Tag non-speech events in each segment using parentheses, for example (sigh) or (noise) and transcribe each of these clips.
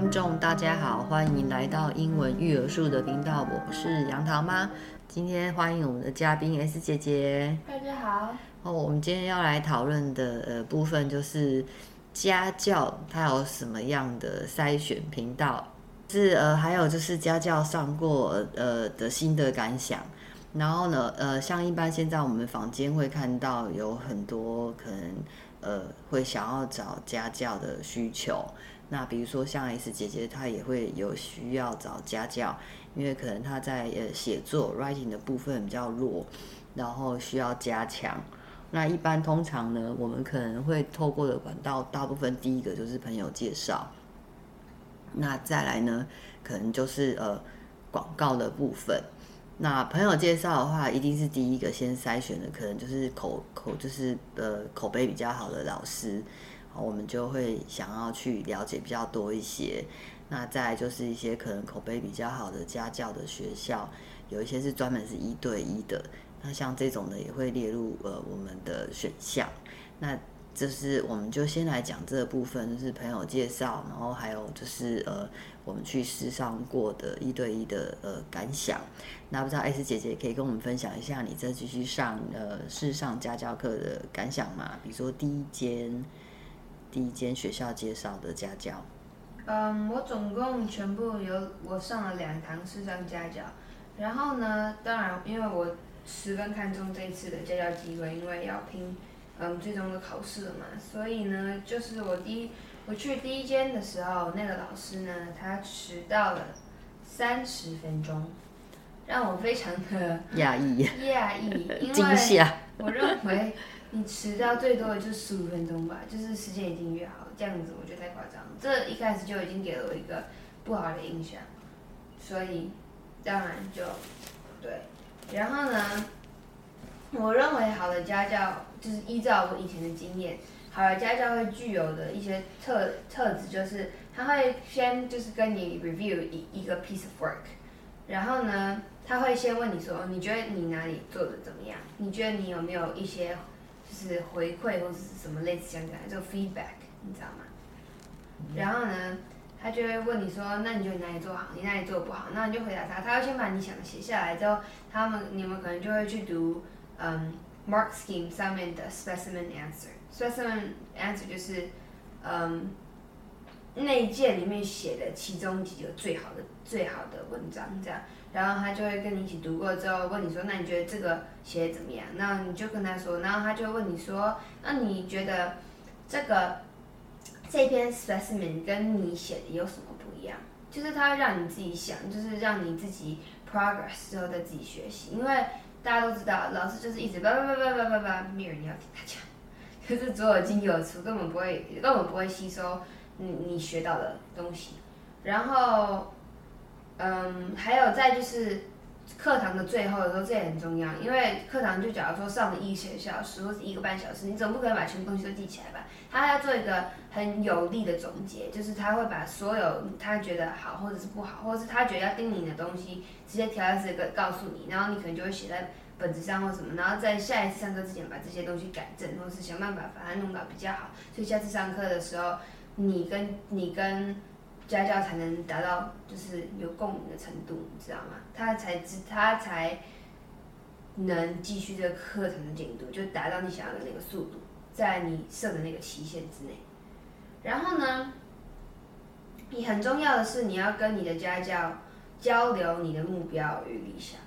觀眾大家好，歡迎來到英文育兒樹的頻道，我是楊桃媽。今天歡迎我們的嘉賓 S 姐姐，大家好。哦，我們今天要來討論的、呃、部分就是家教，它有什麼樣的篩選頻道？是呃，還有就是家教上過呃的心得感想。然後呢，呃，像一般現在我們房間會看到有很多可能呃會想要找家教的需求。那比如說像 S 姊姊，她也會有需要找家教，因為可能她在呃寫作 writing 的部分比較弱，然後需要加強。那一般通常呢，我們可能會透過的管道，大部分第一個就是朋友介紹。那再來呢，可能就是呃廣告的部分。那朋友介紹的話，一定是第一個先篩選的，可能就是口口就是呃口碑比較好的老師。好，我們就會想要去了解比較多一些，那再來就是一些可能口碑比較好的家教的學校，有一些是專門是一對一的，那像這種的也會列入呃我們的選項。那這是我們就先來講這個部分，就是朋友介紹，然後還有就是呃我們去試上過的一對一的呃感想。那不知道 S 姐姐可以跟我們分享一下你這繼續上呃試上家教課的感想嗎？比如說第一間。第一間學校介紹的家教，嗯，我總共全部有我上了兩堂試上家教，然後呢，當然因為我十分看重這次的家教機會，因為要拼、嗯、最終的考試了嘛，所以呢，就是我第一，我去第一間的時候，那個老師呢，他遲到了三十分鐘，讓我非常的訝異異，訝異，因為我認為。 (laughs) 你遲到最多也就十五分鐘吧，就是時間已經約好，這樣子我覺得太誇張了。這一開始就已經給了我一個不好的印象，所以當然就對。然後呢，我認為好的家教就是依照我以前的經驗，好的家教會具有的一些特特質就是，他會先就是跟你 review 一一個 piece of work，然後呢，他會先問你說，你覺得你哪裡做得怎麼樣？你覺得你有沒有一些？就是回饋或者什麼類似這樣子，就 feedback，你知道嗎？Okay. 然後呢，他就會問你說，那你就哪裡做好，你哪裡做不好，那你就回答他。他要先把你想的寫下來之後，他們你們可能就會去讀，嗯、um,，mark scheme 上面的 specimen answer，specimen answer 就是，嗯、um,。那一件裡面寫的其中幾個最好的、最好的文章，這樣，然後他就會跟你一起讀過之後問你說：“那你覺得這個寫的怎麼樣？”那你就跟他說，然後他就會問你說：“那你覺得這個這篇 specimen 跟你寫的有什麼不一樣？”就是他讓你自己想，就是讓你自己 progress，之後再自己學習。因為大家都知道，老師就是一直叭叭叭叭叭叭，叭、嗯，沒有人你要聽他講，可是左耳進右耳出，根本不會，根本不會吸收。你你學到的東西，然後，嗯，還有再就是課堂的最後的時候，這也很重要，因為課堂就假如說上了一小時或是一個半小時，你總不可能把全部東西都記起來吧？他還要做一個很有力的總結，就是他會把所有他覺得好或者是不好，或者是他覺得要叮你的東西，直接調出這個告訴你，然後你可能就會寫在本子上或什麼，然後在下一次上課之前把這些東西改正，或者是想辦法把它弄到比較好，所以下次上課的時候。你跟你跟家教才能達到就是有共鳴的程度，你知道嗎？他才知他才能繼續這個課程的進度，就達到你想要的那個速度，在你設的那個期限之內。然後呢，你很重要的是你要跟你的家教交流你的目標與理想，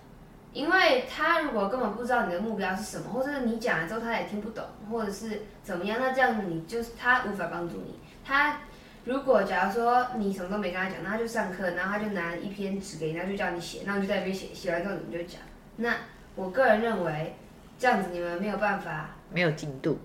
因為他如果根本不知道你的目標是什麼，或者是你講了之後他也聽不懂，或者是怎麼樣，那這樣子你就是他無法幫助你。他如果假如說你什麼都沒跟他講，那他就上課，然後他就拿了一篇紙給人家，他就叫你寫，那我就在這邊寫，寫完之後你們就講。那我個人認為這樣子你們沒有辦法，沒有進度。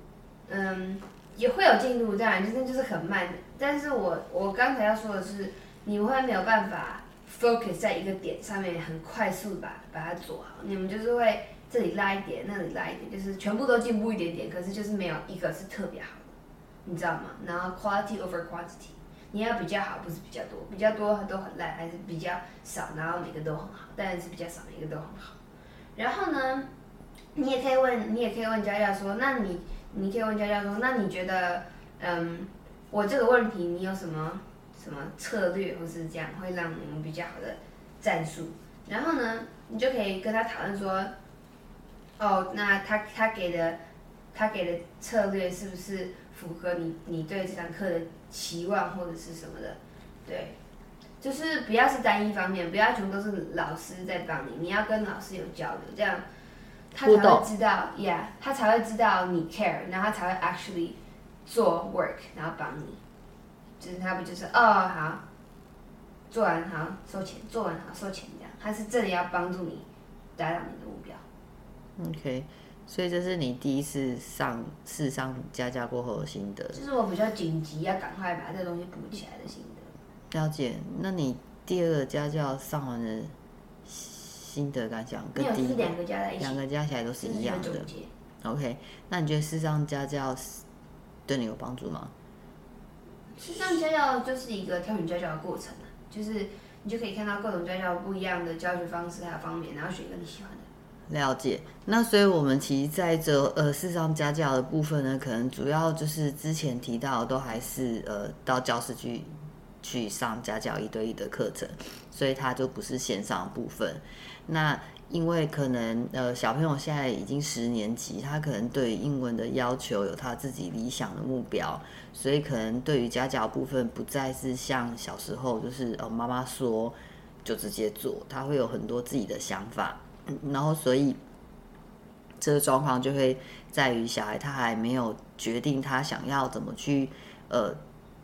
嗯，也會有進度，當然就是就是很慢的。但是我我剛才要說的是，你們會沒有辦法 focus 在一個點上面，很快速的把把它做好。你們就是會這裡拉一點，那裡拉一點，就是全部都進步一點點，可是就是沒有一個是特別好的。你知道嗎？然後 quality over quantity，你要比較好，不是比較多，比較多都很爛，還是比較少，然後每個都很好，但是比較少，每個都很好。然後呢，你也可以問，你也可以問嬌嬌說，那你，你可以問嬌嬌說，那你覺得，嗯，我這個問題你有什麼什麼策略，或是這樣，會讓我們比較好的戰術？然後呢，你就可以跟他討論說，哦，那他他給的，他給的策略是不是？符合你你對這堂課的期望或者是什麼的，對，就是不要是單一方面，不要全部都是老師在幫你，你要跟老師有交流，這樣他才會知道不懂，Yeah，他才會知道你 care，然後他才會 actually 做 work，然後幫你，就是他不就是哦好，做完好收錢，做完好收錢這樣，他是真的要幫助你達到你的目標。OK。所以這是你第一次上試上家教過後的心得，就是我比較緊急要趕快把這個東西補起來的心得。了解，那你第二個家教上完的心得感想跟第一個兩個加在一起，兩個加起來都是一樣的。OK，那你覺得試上家教對你有幫助嗎？試上家教就是一個挑選家教的過程，啊，就是你就可以看到各種家教不一樣的教學方式還有方面，然後選一個你喜歡的。了解，那所以我們其實在這呃，線上家教的部分呢，可能主要就是之前提到的，都還是呃到教室去去上家教一對一的課程，所以它就不是線上的部分。那因為可能呃小朋友現在已經十年級，他可能對於英文的要求有他自己理想的目標，所以可能對於家教部分，不再是像小時候就是呃媽媽說就直接做，他會有很多自己的想法。然後，所以這個狀況就會在於小孩他還沒有決定他想要怎麼去，呃，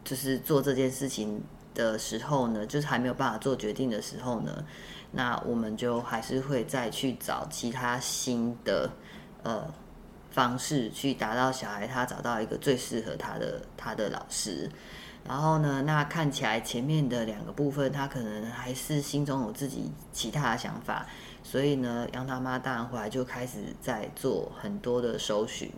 就是做這件事情的時候呢，就是還沒有辦法做決定的時候呢，那我們就還是會再去找其他新的呃方式去達到小孩他找到一個最適合他的他的老師。然後呢，那看起來前面的兩個部分，他可能還是心中有自己其他的想法。所以呢，楊大媽當然回來就開始在做很多的搜尋，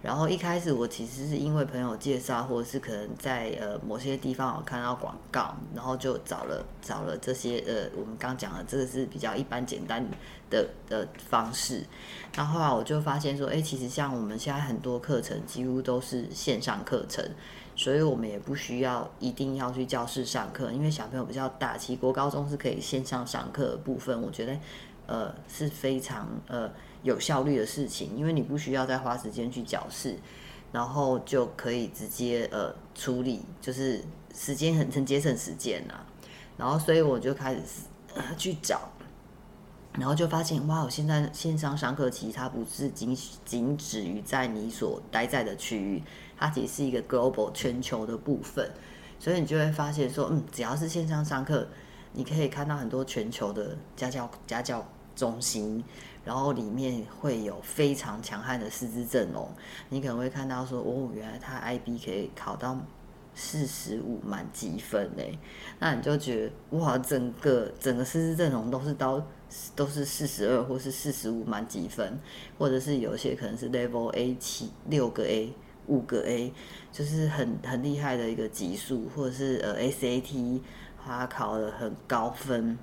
然後一開始我其實是因為朋友介紹，或者是可能在呃某些地方有看到廣告，然後就找了找了，這些呃我們剛講的這個是比較一般簡單的的方式，那後來我就發現說，哎，其實像我們現在很多課程幾乎都是線上課程，所以我們也不需要一定要去教室上課，因為小朋友比較大，其實國高中是可以線上上課的部分，我覺得。呃，是非常呃有效率的事情，因為你不需要再花時間去教室，然後就可以直接呃處理，就是時間很很節省時間啊，然後，所以我就開始、呃、去找，然後就發現，哇、哦，我現在線上上課其實它不是僅僅止於在你所待在的區域，它只是一個 global 全球的部分，所以你就會發現說，嗯，只要是線上上課，你可以看到很多全球的家教家教中心，然後裡面會有非常強悍的師資陣容。你可能會看到說，哦，原來他 IB 可以考到四十五滿級分誒，那你就覺得哇，整個整個師資陣容都是到都是四十二或是四十五滿級分，或者是有些可能是 Level A 七六個 A 五個 A，就是很很厲害的一個級數，或者是呃 SAT 他考得很高分。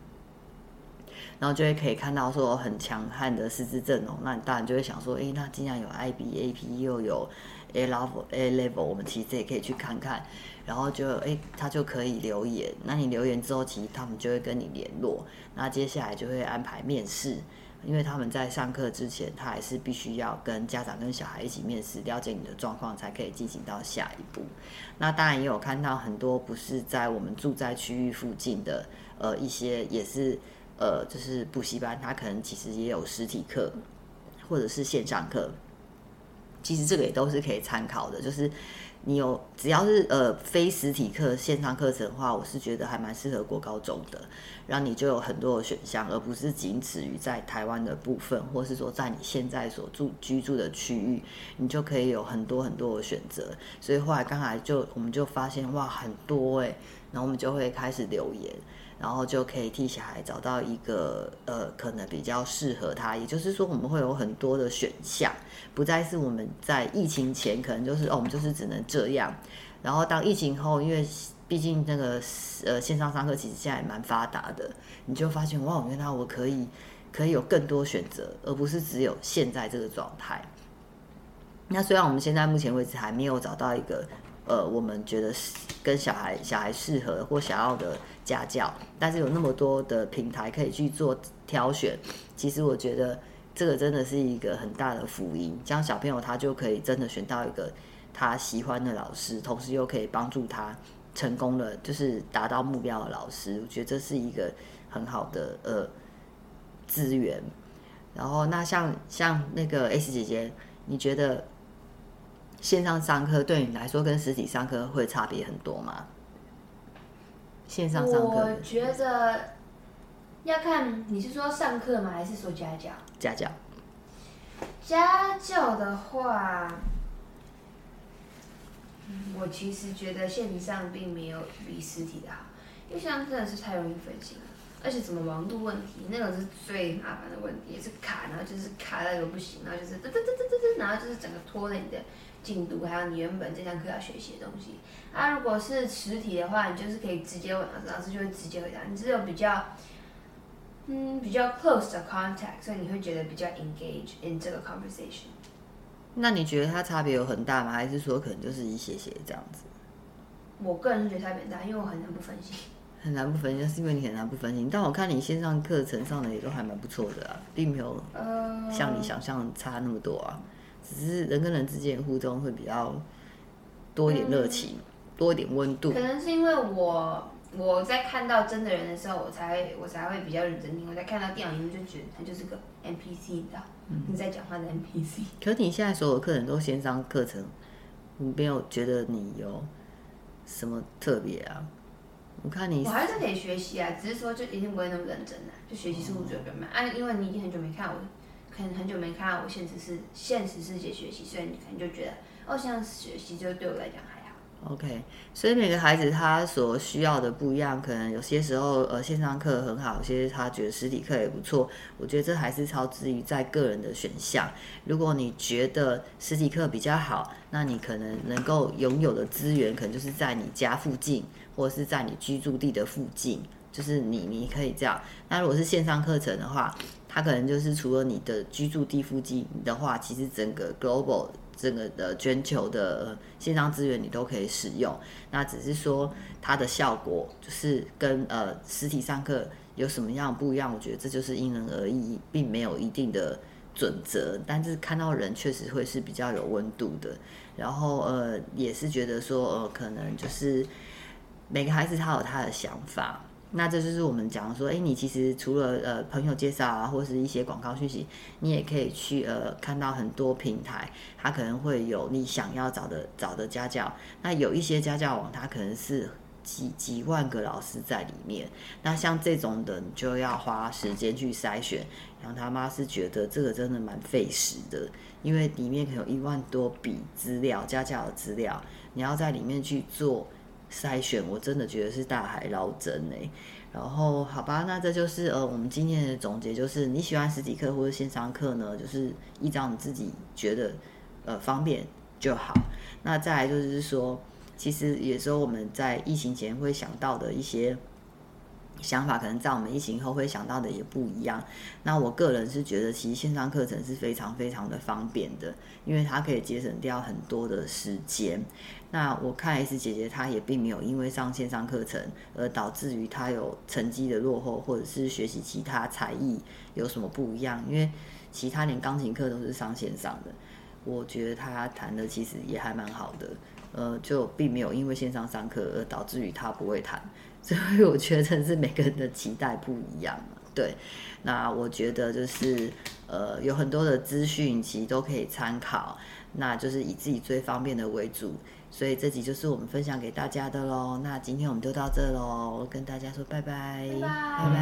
然後就會可以看到說很強悍的師資陣容，那你當然就會想說，誒、欸，那既然有 IBAP 又有 A Level A Level，我們其實也可以去看看。然後就誒、欸，他就可以留言。那你留言之後，其實他們就會跟你聯絡。那接下來就會安排面試，因為他們在上課之前，他還是必須要跟家長跟小孩一起面試，了解你的狀況，才可以進行到下一步。那當然也有看到很多不是在我們住宅區域附近的，呃，一些也是。呃，就是補習班，它可能其實也有實體課，或者是線上課。其實這個也都是可以參考的。就是你有只要是呃非實體課線上課程的話，我是覺得還蠻適合國高中的。然後你就有很多的選項，而不是僅止於在台灣的部分，或是說在你現在所住居住的區域，你就可以有很多很多的選擇。所以後來剛才就我們就發現哇，很多哎、欸，然後我們就會開始留言。然後就可以替小孩找到一個呃，可能比較適合他。也就是說，我們會有很多的選項，不再是我們在疫情前可能就是哦，我們就是只能這樣。然後當疫情後，因為畢竟那個呃線上上課其實現在也蠻發達的，你就發現哇，原來我可以可以有更多選擇，而不是只有現在這個狀態。那雖然我們現在目前為止還沒有找到一個呃，我們覺得是。跟小孩小孩適合或想要的家教，但是有那麼多的平台可以去做挑選，其實我覺得這個真的是一個很大的福音。這樣小朋友他就可以真的選到一個他喜歡的老師，同時又可以幫助他成功的，就是達到目標的老師。我覺得這是一個很好的呃資源。然後那像像那個 S 姐姐，你覺得？線上上課對你來說跟實體上課會差別很多嗎？線上上課，我覺得要看你是說上課嗎，還是說家教？家教，家教的話，我其實覺得線上並沒有比實體的好，因為線上真的是太容易分心了。而且什麼網速問題，那種、個、是最麻煩的問題，也是卡，然後就是卡了個不行，然後就是噔噔噔噔噔噔，然後就是整個拖累你的進度，還有你原本這堂課要學習的東西。那、啊、如果是實體的話，你就是可以直接問老師，老師就會直接回答。你只有比較，嗯，比較 close 的 contact，所以你會覺得比較 engage in 這個 conversation。那你覺得它差別有很大嗎？還是說可能就是一些些這樣子？我個人是覺得差別很大，因為我很難不分心。很難不分心，是因為你很難不分心。但我看你線上課程上的也都還蠻不錯的啊，並沒有像你想象差那麼多啊。呃、只是人跟人之間互動會比較多一點熱情，嗯、多一點溫度。可能是因為我我在看到真的人的時候，我才會我才會比較認真聽。我在看到電影，我就覺得他就是個 NPC 的，嗯、你在講話的 NPC。可是你現在所有的課程都線上課程，你沒有覺得你有什麼特別啊？我看你，我還是可以學習啊，只是說就一定不會那麼認真了、啊，就學習速度比較慢。嗯、啊，因為你已經很久沒看我，可能很久沒看到我現實是現實世界學習，所以你可能就覺得，哦，現在學習就對我來講。OK，所以每個孩子他所需要的不一樣，可能有些時候呃線上課很好，有些時候他覺得實體課也不錯。我覺得這還是超之於在個人的選項。如果你覺得實體課比較好，那你可能能夠擁有的資源可能就是在你家附近，或者是在你居住地的附近，就是你你可以這樣。那如果是線上課程的話，它可能就是除了你的居住地附近的話，其實整個 global。整個的全球的線上資源你都可以使用，那只是說它的效果就是跟呃實體上課有什麼樣不一樣？我覺得這就是因人而異，並沒有一定的準則。但是看到人確實會是比較有溫度的，然後呃也是覺得說呃可能就是每個孩子他有他的想法。那這就是我們講的說，誒，你其實除了呃朋友介紹啊，或是一些廣告訊息，你也可以去呃看到很多平台，它可能會有你想要找的找的家教。那有一些家教網，它可能是幾幾萬個老師在裡面。那像這種的，你就要花時間去篩選。然後他媽是覺得這個真的蠻費時的，因為裡面可能有一萬多筆資料，家教的資料，你要在裡面去做。篩選我真的覺得是大海撈針哎，然後好吧，那這就是呃我們今天的總結，就是你喜歡實體課或者線上課呢，就是依照你自己覺得呃方便就好。那再來就是說，其實有時候我們在疫情前會想到的一些。想法可能在我們疫情以後會想到的也不一樣。那我個人是覺得，其實線上課程是非常非常的方便的，因為它可以節省掉很多的時間。那我看 S 姐姐，她也並沒有因為上線上課程而導致於她有成績的落後，或者是學習其他才藝有什麼不一樣？因為其他連鋼琴課都是上線上的，我覺得她彈的其實也還蠻好的，呃，就並沒有因為線上上課而導致於她不會彈。所以我覺得真是每個人的期待不一樣嘛，對。那我覺得就是，呃，有很多的資訊其實都可以參考，那就是以自己最方便的為主。所以這集就是我們分享給大家的嘍。那今天我們就到這嘍，跟大家說拜拜，拜拜。拜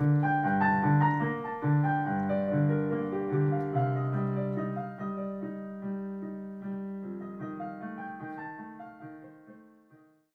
拜。